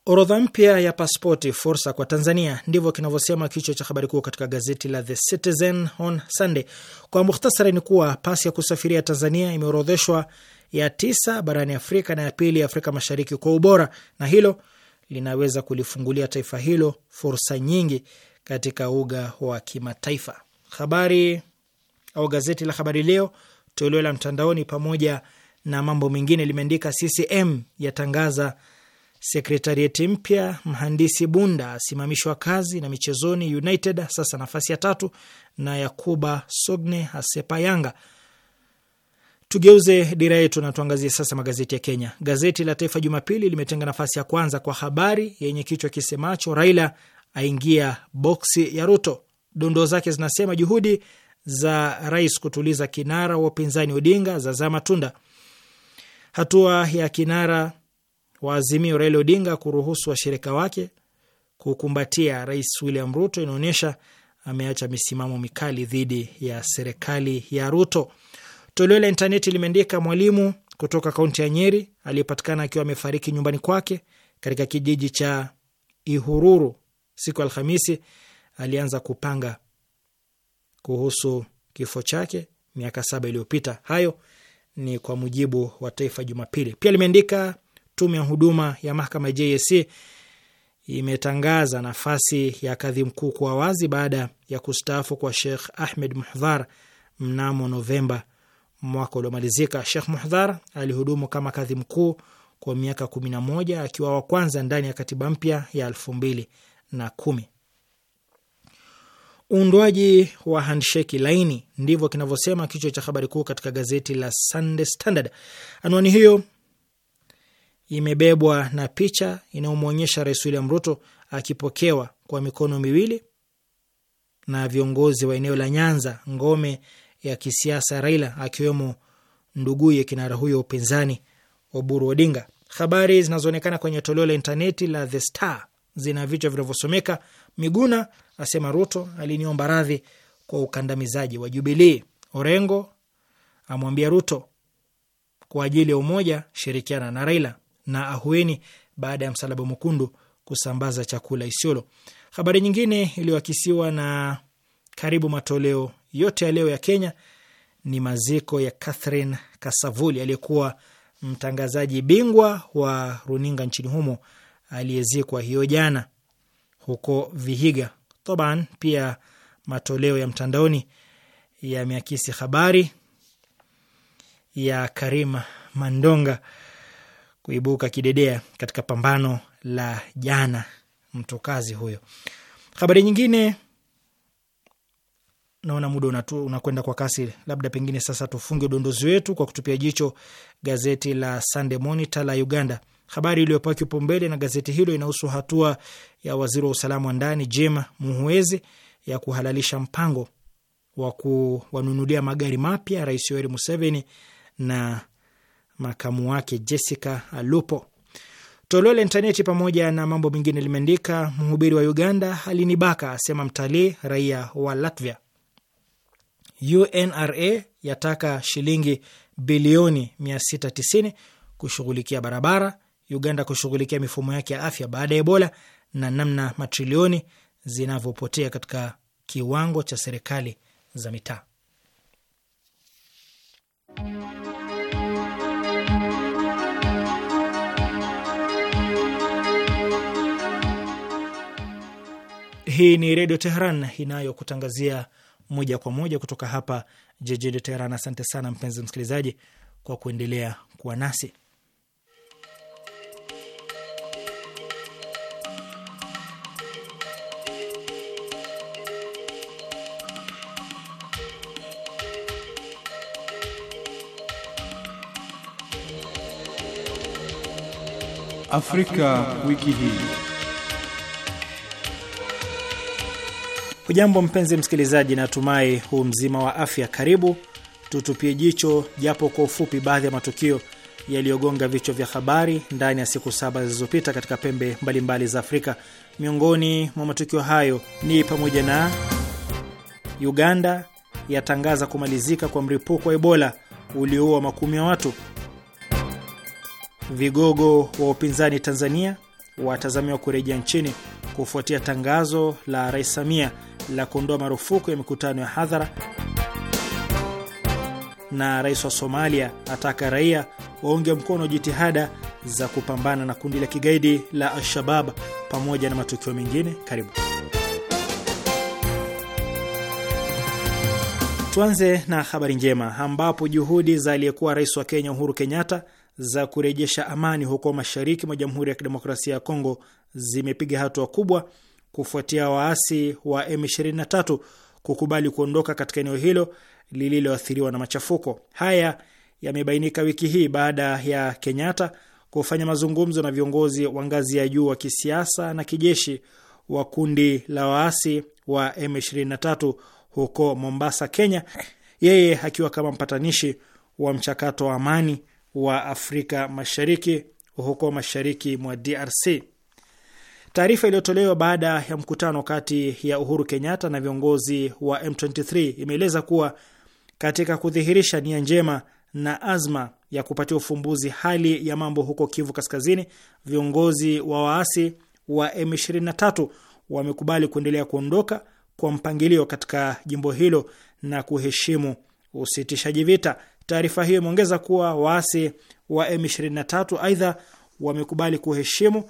Orodha mpya ya pasipoti fursa kwa Tanzania, ndivyo kinavyosema kichwa cha habari kuu katika gazeti la The Citizen on Sunday. Kwa mukhtasari, ni kuwa pasi ya kusafiria Tanzania imeorodheshwa ya tisa barani Afrika na ya pili Afrika Mashariki kwa ubora, na hilo linaweza kulifungulia taifa hilo fursa nyingi katika uga wa kimataifa. Habari au gazeti la Habari Leo toleo la mtandaoni, pamoja na mambo mengine, limeandika CCM yatangaza Sekretarieti mpya mhandisi Bunda asimamishwa kazi, na michezoni United sasa nafasi ya tatu na Yakuba Sogne asepa Yanga. Tugeuze dira yetu na tuangazie sasa magazeti ya Kenya. Gazeti la Taifa Jumapili limetenga nafasi ya kwanza kwa habari yenye kichwa kisemacho Raila aingia boksi ya Ruto. Dondoo zake zinasema juhudi za rais kutuliza kinara wa upinzani Odinga za zaa matunda. Hatua ya kinara wa Azimio Raila Odinga kuruhusu washirika wake kukumbatia Rais William Ruto inaonyesha ameacha misimamo mikali dhidi ya serikali ya Ruto. Toleo la intaneti limeandika mwalimu kutoka kaunti ya Nyeri aliyepatikana akiwa amefariki nyumbani kwake katika kijiji cha Ihururu siku ya Alhamisi alianza kupanga kuhusu kifo chake miaka saba iliyopita. Hayo ni kwa mujibu wa Taifa Jumapili. Pia limeandika tume ya huduma ya mahakama ya JSC imetangaza nafasi ya kadhi mkuu kwa wazi baada ya kustaafu kwa Shekh Ahmed Muhdhar mnamo Novemba mwaka uliomalizika. Shekh Muhdhar alihudumu kama kadhi mkuu kwa miaka kumi na moja akiwa wa kwanza ndani ya katiba mpya ya elfu mbili na kumi. Uundwaji wa handsheki laini, ndivyo kinavyosema kichwa cha habari kuu katika gazeti la Sunday Standard. Anwani hiyo imebebwa na picha inayomwonyesha Rais William Ruto akipokewa kwa mikono miwili na viongozi wa eneo la Nyanza, ngome ya kisiasa Raila, akiwemo nduguye kinara huyo wa upinzani Oburu Odinga. Habari zinazoonekana kwenye toleo la intaneti la The Star zina vichwa vinavyosomeka Miguna asema Ruto aliniomba radhi kwa ukandamizaji wa Jubilii. Orengo amwambia Ruto kwa ajili ya umoja shirikiana na Raila na ahueni baada ya Msalaba Mwekundu kusambaza chakula Isiolo. Habari nyingine iliyoakisiwa na karibu matoleo yote ya leo ya Kenya ni maziko ya Catherine Kasavuli aliyekuwa mtangazaji bingwa wa runinga nchini humo aliyezikwa hiyo jana huko Vihiga. Toban pia matoleo ya mtandaoni yameakisi habari ya Karima Mandonga kuibuka kidedea katika pambano la jana, kazi huyo. Habari nyingine, naona muda unakwenda kwa kasi, labda pengine sasa tufunge udondozi wetu kwa kutupia jicho gazeti la Sunday Monitor la Uganda. Habari iliyopewa kipaumbele na gazeti hilo inahusu hatua ya waziri wa usalama wa ndani Jema Muhwezi ya kuhalalisha mpango wa kuwanunulia magari mapya Rais Yoweri Museveni na makamu wake Jessica Alupo. Toleo la intaneti pamoja na mambo mengine limeandika mhubiri wa Uganda alinibaka, asema mtalii raia wa Latvia. UNRA yataka shilingi bilioni 690 kushughulikia barabara. Uganda kushughulikia mifumo yake ya afya baada ya Ebola na namna matrilioni zinavyopotea katika kiwango cha serikali za mitaa. Hii ni Redio Teheran inayokutangazia moja kwa moja kutoka hapa jijini Teheran. Asante sana mpenzi msikilizaji kwa kuendelea kuwa nasi. Afrika, Afrika wiki hii. Hujambo mpenzi msikilizaji, natumai huu mzima wa afya. Karibu tutupie jicho japo kwa ufupi baadhi ya matukio yaliyogonga vichwa vya habari ndani ya siku saba zilizopita katika pembe mbalimbali mbali za Afrika. Miongoni mwa matukio hayo ni pamoja na Uganda yatangaza kumalizika kwa mlipuko wa Ebola ulioua makumi ya watu, vigogo wa upinzani Tanzania watazamiwa kurejea nchini kufuatia tangazo la Rais Samia la kuondoa marufuku ya mikutano ya hadhara, na rais wa Somalia ataka raia waunge mkono jitihada za kupambana na kundi la kigaidi la Al-Shabab, pamoja na matukio mengine. Karibu tuanze na habari njema, ambapo juhudi za aliyekuwa rais wa Kenya Uhuru Kenyatta za kurejesha amani huko mashariki mwa Jamhuri ya Kidemokrasia ya Kongo zimepiga hatua kubwa kufuatia waasi wa M23 kukubali kuondoka katika eneo hilo lililoathiriwa na machafuko. Haya yamebainika wiki hii baada ya Kenyatta kufanya mazungumzo na viongozi wa ngazi ya juu wa kisiasa na kijeshi wa kundi la waasi wa M23 huko Mombasa, Kenya, yeye akiwa kama mpatanishi wa mchakato wa amani wa Afrika Mashariki huko mashariki mwa DRC. Taarifa iliyotolewa baada ya mkutano kati ya Uhuru Kenyatta na viongozi wa M23 imeeleza kuwa katika kudhihirisha nia njema na azma ya kupatia ufumbuzi hali ya mambo huko Kivu Kaskazini, viongozi wa waasi wa M23 wamekubali kuendelea kuondoka kwa mpangilio katika jimbo hilo na kuheshimu usitishaji vita. Taarifa hiyo imeongeza kuwa waasi wa M23 aidha wamekubali kuheshimu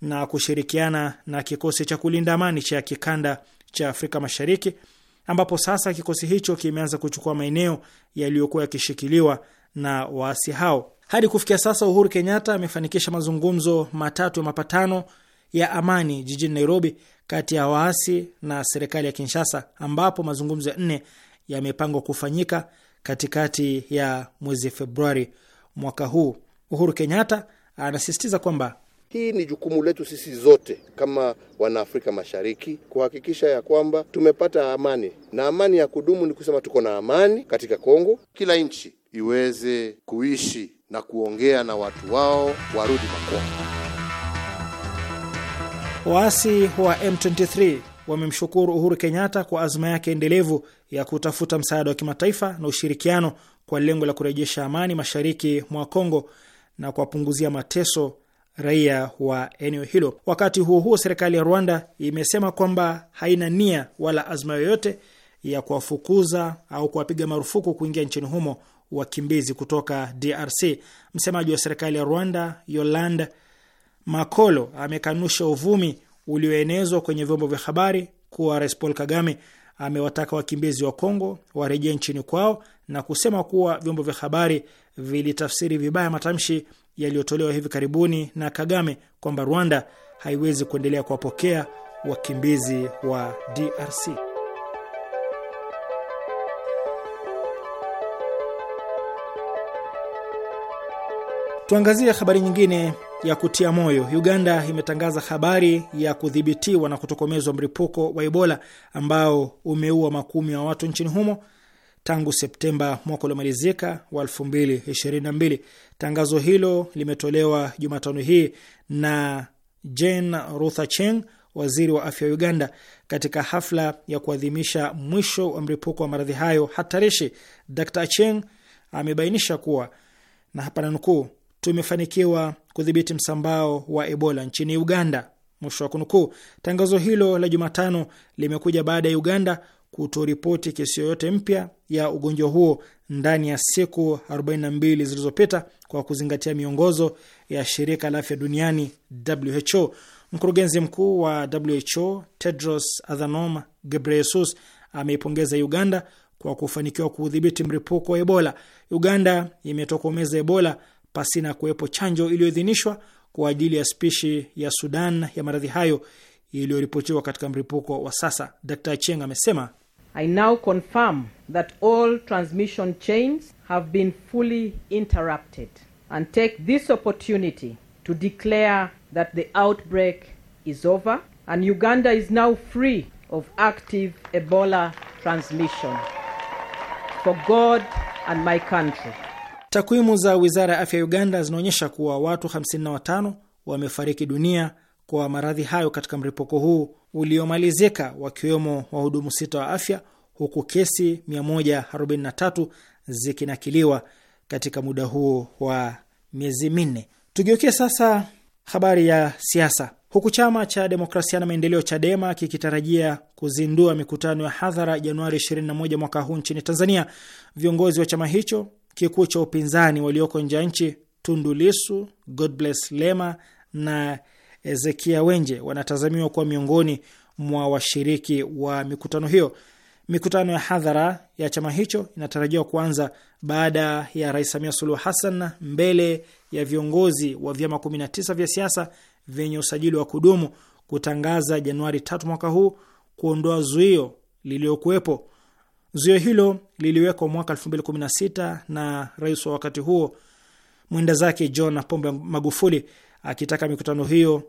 na kushirikiana na kikosi cha kulinda amani cha kikanda cha Afrika Mashariki, ambapo sasa kikosi hicho kimeanza kuchukua maeneo yaliyokuwa yakishikiliwa na waasi hao. Hadi kufikia sasa, Uhuru Kenyatta amefanikisha mazungumzo matatu ya mapatano ya amani jijini Nairobi kati ya waasi na serikali ya Kinshasa, ambapo mazungumzo ya nne yamepangwa kufanyika katikati ya mwezi Februari mwaka huu. Uhuru Kenyatta anasisitiza kwamba hii ni jukumu letu sisi zote kama Wanaafrika Mashariki kuhakikisha ya kwamba tumepata amani, na amani ya kudumu ni kusema tuko na amani katika Kongo, kila nchi iweze kuishi na kuongea na watu wao, warudi makwao. Waasi wa M23 wamemshukuru Uhuru Kenyatta kwa azma yake endelevu ya kutafuta msaada wa kimataifa na ushirikiano kwa lengo la kurejesha amani mashariki mwa Kongo na kuwapunguzia mateso raia wa eneo hilo. Wakati huo huo, serikali ya Rwanda imesema kwamba haina nia wala azma yoyote ya kuwafukuza au kuwapiga marufuku kuingia nchini humo wakimbizi kutoka DRC. Msemaji wa serikali ya Rwanda Yolanda Makolo amekanusha uvumi ulioenezwa kwenye vyombo vya habari kuwa Rais Paul Kagame amewataka wakimbizi wa Kongo warejee nchini kwao na kusema kuwa vyombo vya habari vilitafsiri vibaya matamshi yaliyotolewa hivi karibuni na Kagame kwamba Rwanda haiwezi kuendelea kuwapokea wakimbizi wa DRC. Tuangazie habari nyingine ya kutia moyo. Uganda imetangaza habari ya kudhibitiwa na kutokomezwa mlipuko wa Ebola ambao umeua makumi ya watu nchini humo tangu Septemba mwaka uliomalizika wa 2022. Tangazo hilo limetolewa Jumatano hii na Jane Rutha Cheng, waziri wa afya wa Uganda, katika hafla ya kuadhimisha mwisho wa mlipuko wa maradhi hayo hatarishi. Dr Cheng amebainisha kuwa na hapa nanukuu, tumefanikiwa kudhibiti msambao wa Ebola nchini Uganda, mwisho wa kunukuu. Tangazo hilo la Jumatano limekuja baada ya Uganda kutoripoti kesi yoyote mpya ya ugonjwa huo ndani ya siku 42 zilizopita kwa kuzingatia miongozo ya shirika la afya duniani WHO. Mkurugenzi mkuu wa WHO Tedros Adhanom Ghebreyesus ameipongeza Uganda kwa kufanikiwa kuudhibiti mlipuko wa Ebola. Uganda imetokomeza Ebola pasina kuwepo chanjo iliyoidhinishwa kwa ajili ya spishi ya Sudan ya maradhi hayo iliyoripotiwa katika mlipuko wa sasa. Dkt Cheng amesema I now confirm that all transmission chains have been fully interrupted and take this opportunity to declare that the outbreak is over and Uganda is now free of active Ebola transmission. For God and my country. Takwimu za Wizara ya Afya ya Uganda zinaonyesha kuwa watu 55 wamefariki dunia kwa maradhi hayo katika mlipuko huu uliomalizika wakiwemo wahudumu sita wa afya, huku kesi 143 zikinakiliwa katika muda huo wa miezi minne. Tugeukie sasa habari ya siasa. Huku chama cha demokrasia na maendeleo Chadema kikitarajia kuzindua mikutano ya hadhara Januari 21 mwaka huu nchini Tanzania, viongozi wa chama hicho kikuu cha upinzani walioko nje ya nchi Tundu Lisu, Godbless Lema na Ezekia Wenje wanatazamiwa kuwa miongoni mwa washiriki wa mikutano hiyo. Mikutano ya hadhara ya chama hicho inatarajiwa kuanza baada ya Rais Samia Suluhu Hassan mbele ya viongozi wa vyama 19 vya siasa vyenye usajili wa kudumu kutangaza Januari 3 mwaka huu kuondoa zuio liliokuwepo. Zuio hilo liliwekwa mwaka 2016 na rais wa wakati huo mwenda zake John Pombe Magufuli akitaka mikutano hiyo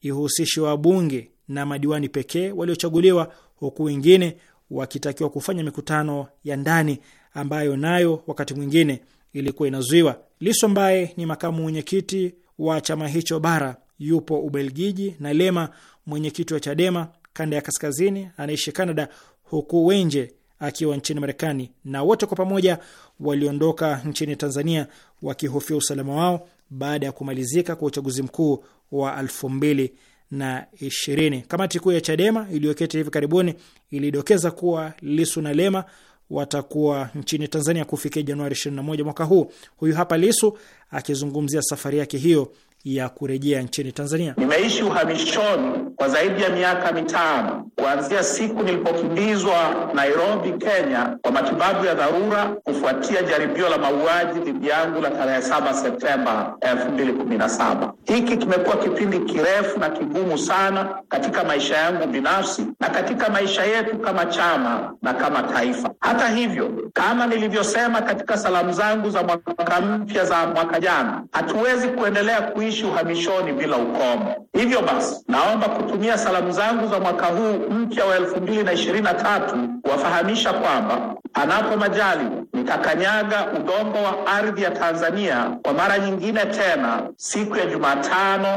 ihusishe wabunge na madiwani pekee waliochaguliwa, huku wengine wakitakiwa kufanya mikutano ya ndani ambayo nayo wakati mwingine ilikuwa inazuiwa. Liso ambaye ni makamu mwenyekiti wa chama hicho bara yupo Ubelgiji, na Lema mwenyekiti wa Chadema kanda ya kaskazini anaishi Canada, huku Wenje akiwa nchini Marekani, na wote kwa pamoja waliondoka nchini Tanzania wakihofia usalama wao baada ya kumalizika kwa uchaguzi mkuu wa 2020. Kamati kuu ya Chadema iliyoketi hivi karibuni ilidokeza kuwa Lisu na Lema watakuwa nchini Tanzania kufikia Januari 21 mwaka huu. Huyu hapa Lisu akizungumzia safari yake hiyo ya kurejea nchini Tanzania. Nimeishi uhamishoni kwa zaidi ya miaka mitano kuanzia siku nilipokimbizwa Nairobi, Kenya, kwa matibabu ya dharura kufuatia jaribio la mauaji dhidi yangu la tarehe 7 Septemba 2017. Hiki kimekuwa kipindi kirefu na kigumu sana katika maisha yangu binafsi na katika maisha yetu kama chama na kama taifa. Hata hivyo, kama nilivyosema katika salamu zangu za mwaka mpya za mwaka jana, hatuwezi kuendelea kuishi kuishi uhamishoni bila ukomo. Hivyo basi, naomba kutumia salamu zangu za mwaka huu mpya wa elfu mbili na ishirini na tatu kuwafahamisha kwamba anapo majali nitakanyaga udongo wa ardhi ya Tanzania kwa mara nyingine tena siku ya Jumatano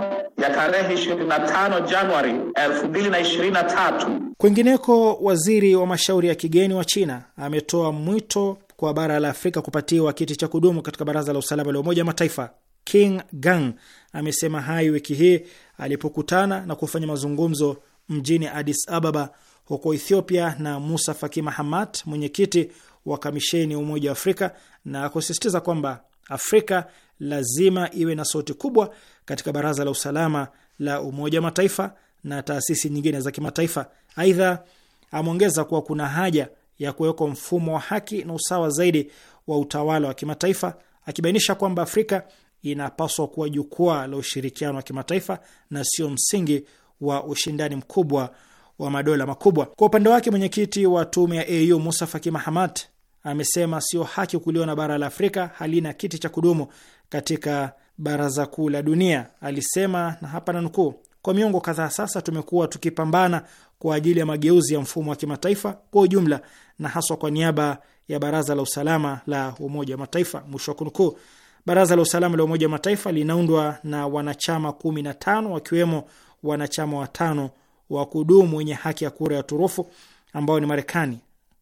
ya tarehe 25 Januari 2023. Kwingineko, waziri wa mashauri ya kigeni wa China ametoa mwito kwa bara la Afrika kupatiwa kiti cha kudumu katika baraza la usalama la Umoja wa Mataifa. King Gang amesema hayo wiki hii alipokutana na kufanya mazungumzo mjini Addis Ababa huko Ethiopia na Musa Faki Mahamat, mwenyekiti wa kamisheni ya Umoja wa Afrika, na kusisitiza kwamba Afrika lazima iwe na sauti kubwa katika Baraza la Usalama la Umoja wa Mataifa na taasisi nyingine za kimataifa. Aidha, ameongeza kuwa kuna haja ya kuwekwa mfumo wa haki na usawa zaidi wa utawala wa kimataifa, akibainisha kwamba Afrika inapaswa kuwa jukwaa la ushirikiano wa kimataifa na sio msingi wa ushindani mkubwa wa madola makubwa. Kwa upande wake, mwenyekiti wa tume ya AU Musa Faki Mahamat amesema sio haki kuliona bara la Afrika halina kiti cha kudumu katika baraza kuu la dunia. Alisema na hapa na nukuu, kwa miongo kadhaa sasa tumekuwa tukipambana kwa ajili ya mageuzi ya mfumo wa kimataifa kwa ujumla na haswa kwa niaba ya baraza la usalama la Umoja wa Mataifa, mwisho wa kunukuu. Baraza la usalama la Umoja wa Mataifa linaundwa na wanachama 15 wakiwemo wanachama watano wa kudumu wenye haki ya kura ya turufu ambao ni Marekani,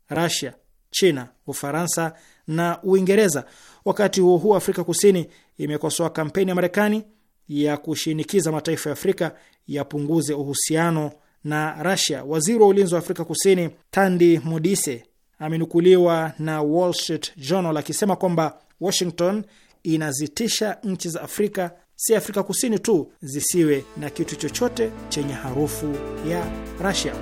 Rasia, China, Ufaransa na Uingereza. Wakati huo huo, Afrika Kusini imekosoa kampeni ya Marekani ya kushinikiza mataifa ya Afrika yapunguze uhusiano na Rasia. Waziri wa ulinzi wa Afrika Kusini Tandi Modise amenukuliwa na Wall Street Journal akisema kwamba Washington inazitisha nchi za Afrika, si Afrika Kusini tu, zisiwe na kitu chochote chenye harufu ya Rasia.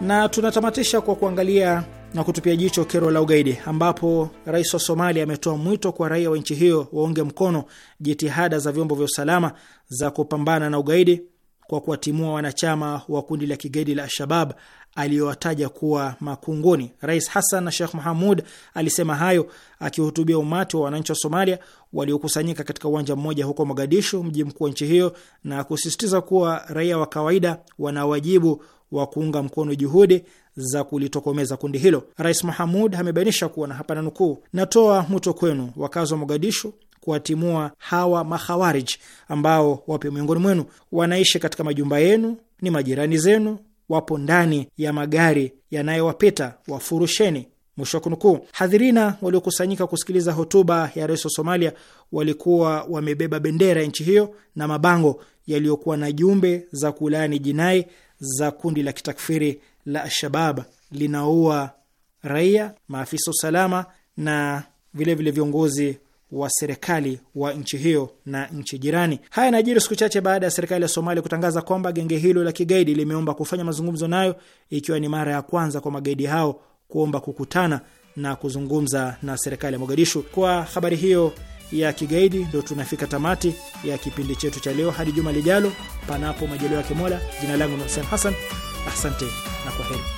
Na tunatamatisha kwa kuangalia na kutupia jicho kero la ugaidi ambapo rais wa Somalia ametoa mwito kwa raia wa nchi hiyo waunge mkono jitihada za vyombo vya usalama za kupambana na ugaidi kwa kuwatimua wanachama wa kundi la kigaidi la Al-Shabab aliyowataja kuwa makunguni. Rais Hassan na Sheikh Mahamud alisema hayo akihutubia umati wa wananchi wa Somalia waliokusanyika katika uwanja mmoja huko Mogadishu, mji mkuu wa nchi hiyo, na kusisitiza kuwa raia wa kawaida wana wajibu wa kuunga mkono juhudi za kulitokomeza kundi hilo. Rais Mahamud amebainisha kuwa na hapa na nukuu, natoa mwito kwenu wakazi wa Mogadishu kuwatimua hawa mahawarij ambao wapo miongoni mwenu, wanaishi katika majumba yenu, ni majirani zenu, wapo ndani ya magari yanayowapita, wafurusheni. Mwisho wa kunukuu. Hadhirina waliokusanyika kusikiliza hotuba ya rais wa Somalia walikuwa wamebeba bendera ya nchi hiyo na mabango yaliyokuwa na jumbe za kulaani jinai za kundi la kitakfiri la Alshabab linaua raia, maafisa usalama na vilevile vile viongozi wa serikali wa nchi hiyo na nchi jirani. Haya yanajiri siku chache baada ya serikali ya Somalia kutangaza kwamba genge hilo la kigaidi limeomba kufanya mazungumzo nayo, ikiwa ni mara ya kwanza kwa magaidi hao kuomba kukutana na kuzungumza na serikali ya Mogadishu. Kwa habari hiyo ya kigaidi, ndio tunafika tamati ya kipindi chetu cha leo. Hadi juma lijalo, panapo majaliwa ya Kimola. Jina langu ni Hussein Hassan, asante na kwa heri.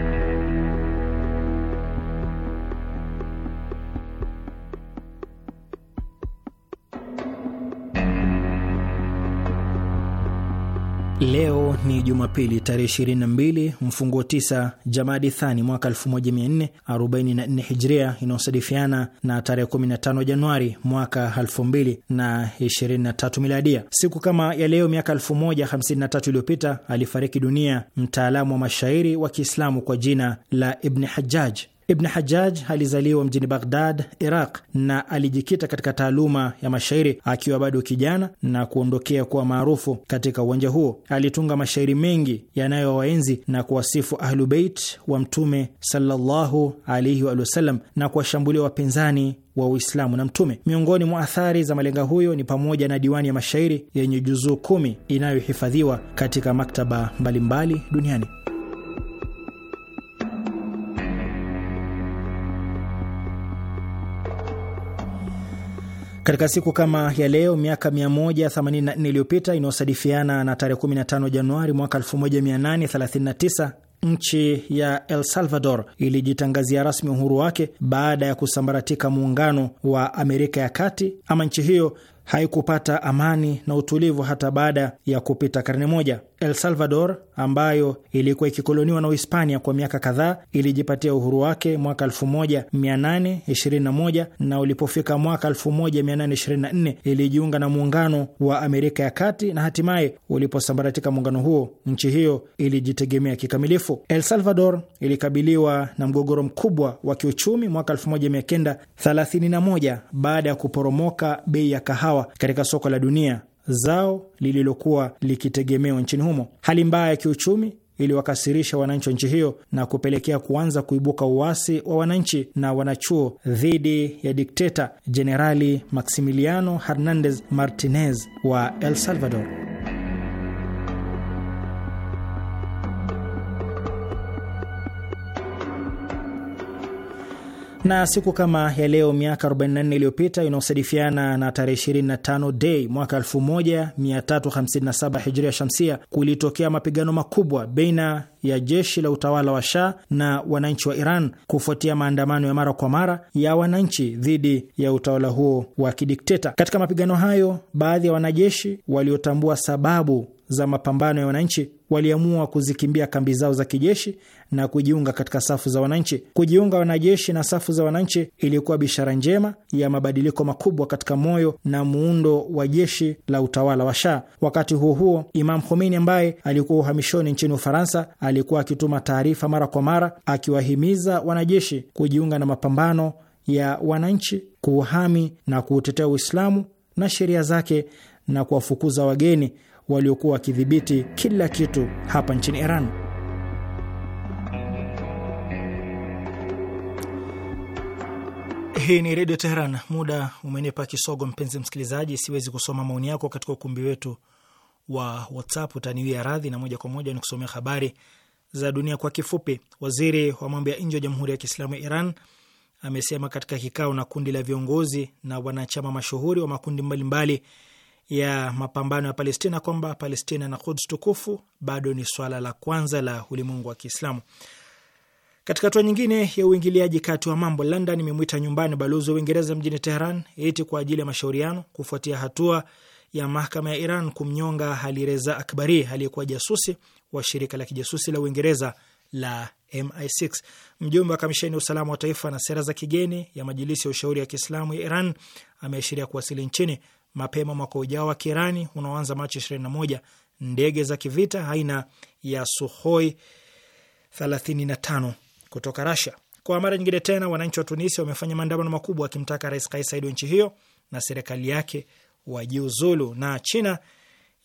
Leo ni Jumapili tarehe 22 mfunguo 9 Jamadi Thani mwaka 1444 Hijria, inayosadifiana na tarehe 15 Januari mwaka 2023 Miladia. Siku kama ya leo miaka 1053 iliyopita alifariki dunia mtaalamu wa mashairi wa Kiislamu kwa jina la Ibni Hajjaj. Ibn Hajjaj alizaliwa mjini Baghdad, Iraq, na alijikita katika taaluma ya mashairi akiwa bado kijana na kuondokea kuwa maarufu katika uwanja huo. Alitunga mashairi mengi yanayowaenzi na kuwasifu Ahlubeit wa Mtume sallallahu alaihi wa sallam na kuwashambulia wapinzani wa Uislamu na Mtume. Miongoni mwa athari za malenga huyo ni pamoja na diwani ya mashairi yenye juzuu kumi inayohifadhiwa katika maktaba mbalimbali mbali duniani. Katika siku kama ya leo miaka 184 iliyopita inayosadifiana na tarehe 15 Januari mwaka 1839 nchi ya El Salvador ilijitangazia rasmi uhuru wake baada ya kusambaratika muungano wa Amerika ya Kati, ama nchi hiyo haikupata amani na utulivu hata baada ya kupita karne moja. El Salvador ambayo ilikuwa ikikoloniwa na Uhispania kwa miaka kadhaa ilijipatia uhuru wake mwaka 1821 na ulipofika mwaka 1824 ilijiunga na muungano wa Amerika ya Kati, na hatimaye uliposambaratika muungano huo, nchi hiyo ilijitegemea kikamilifu. El Salvador ilikabiliwa na mgogoro mkubwa wa kiuchumi mwaka 1931 baada ya kuporomoka bei ya kahawa kahawa katika soko la dunia, zao lililokuwa likitegemewa nchini humo. Hali mbaya ya kiuchumi iliwakasirisha wananchi wa nchi hiyo na kupelekea kuanza kuibuka uasi wa wananchi na wanachuo dhidi ya dikteta Jenerali Maximiliano Hernandez Martinez wa El Salvador. na siku kama ya leo miaka 44 iliyopita inaosadifiana na tarehe 25 Dei mwaka 1357 Hijria Shamsia, kulitokea mapigano makubwa baina ya jeshi la utawala wa Shah na wananchi wa Iran kufuatia maandamano ya mara kwa mara ya wananchi dhidi ya utawala huo wa kidikteta. Katika mapigano hayo, baadhi ya wanajeshi waliotambua sababu za mapambano ya wananchi waliamua kuzikimbia kambi zao za kijeshi na kujiunga katika safu za wananchi. Kujiunga wanajeshi na safu za wananchi ilikuwa bishara njema ya mabadiliko makubwa katika moyo na muundo wa jeshi la utawala wa Shah. Wakati huo huo, Imam Khomeini ambaye alikuwa uhamishoni nchini Ufaransa alikuwa akituma taarifa mara kwa mara akiwahimiza wanajeshi kujiunga na mapambano ya wananchi kuuhami na kuutetea Uislamu na sheria zake na kuwafukuza wageni waliokuwa wakidhibiti kila kitu hapa nchini Iran. Hii ni Redio Teheran. Muda umenipa kisogo, mpenzi msikilizaji, siwezi kusoma maoni yako katika ukumbi wetu wa WhatsApp, utaniwia radhi, na moja kwa moja ni kusomea habari za dunia kwa kifupi. Waziri wa mambo ya nje wa Jamhuri ya Kiislamu ya Iran amesema katika kikao na kundi la viongozi na wanachama mashuhuri wa makundi mbalimbali ya mapambano ya Palestina kwamba Palestina na Kuds tukufu bado ni swala la kwanza la ulimwengu wa Kiislamu. Katika hatua nyingine ya uingiliaji kati wa mambo, London imemwita nyumbani balozi wa Uingereza mjini Teheran eti kwa ajili ya mashauriano kufuatia hatua ya mahakama ya Iran kumnyonga Ali Akbari aliyekuwa jasusi wa shirika la kijasusi la Uingereza la MI6. Mjumbe wa kamisheni ya usalama wa taifa na sera za kigeni ya majilisi ya ushauri ya Kiislamu ya Iran ameashiria kuwasili nchini mapema mwaka ujao wa Kiirani unaoanza Machi 21 ndege za kivita aina ya Suhoi 35 kutoka Rasia. Kwa mara nyingine tena, wananchi wa Tunisia wamefanya maandamano makubwa wakimtaka Rais Kais Saied wa nchi hiyo na serikali yake wajiuzulu. Na China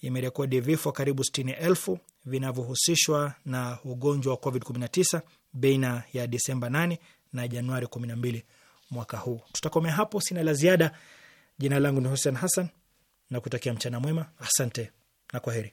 imerekodi vifo karibu sitini elfu vinavyohusishwa na ugonjwa wa COVID-19 baina ya Disemba 8 na Januari 12 mwaka huu. Tutakomea hapo, sina la ziada. Jina langu ni Hussein Hassan na kutakia mchana mwema. Asante na kwaheri.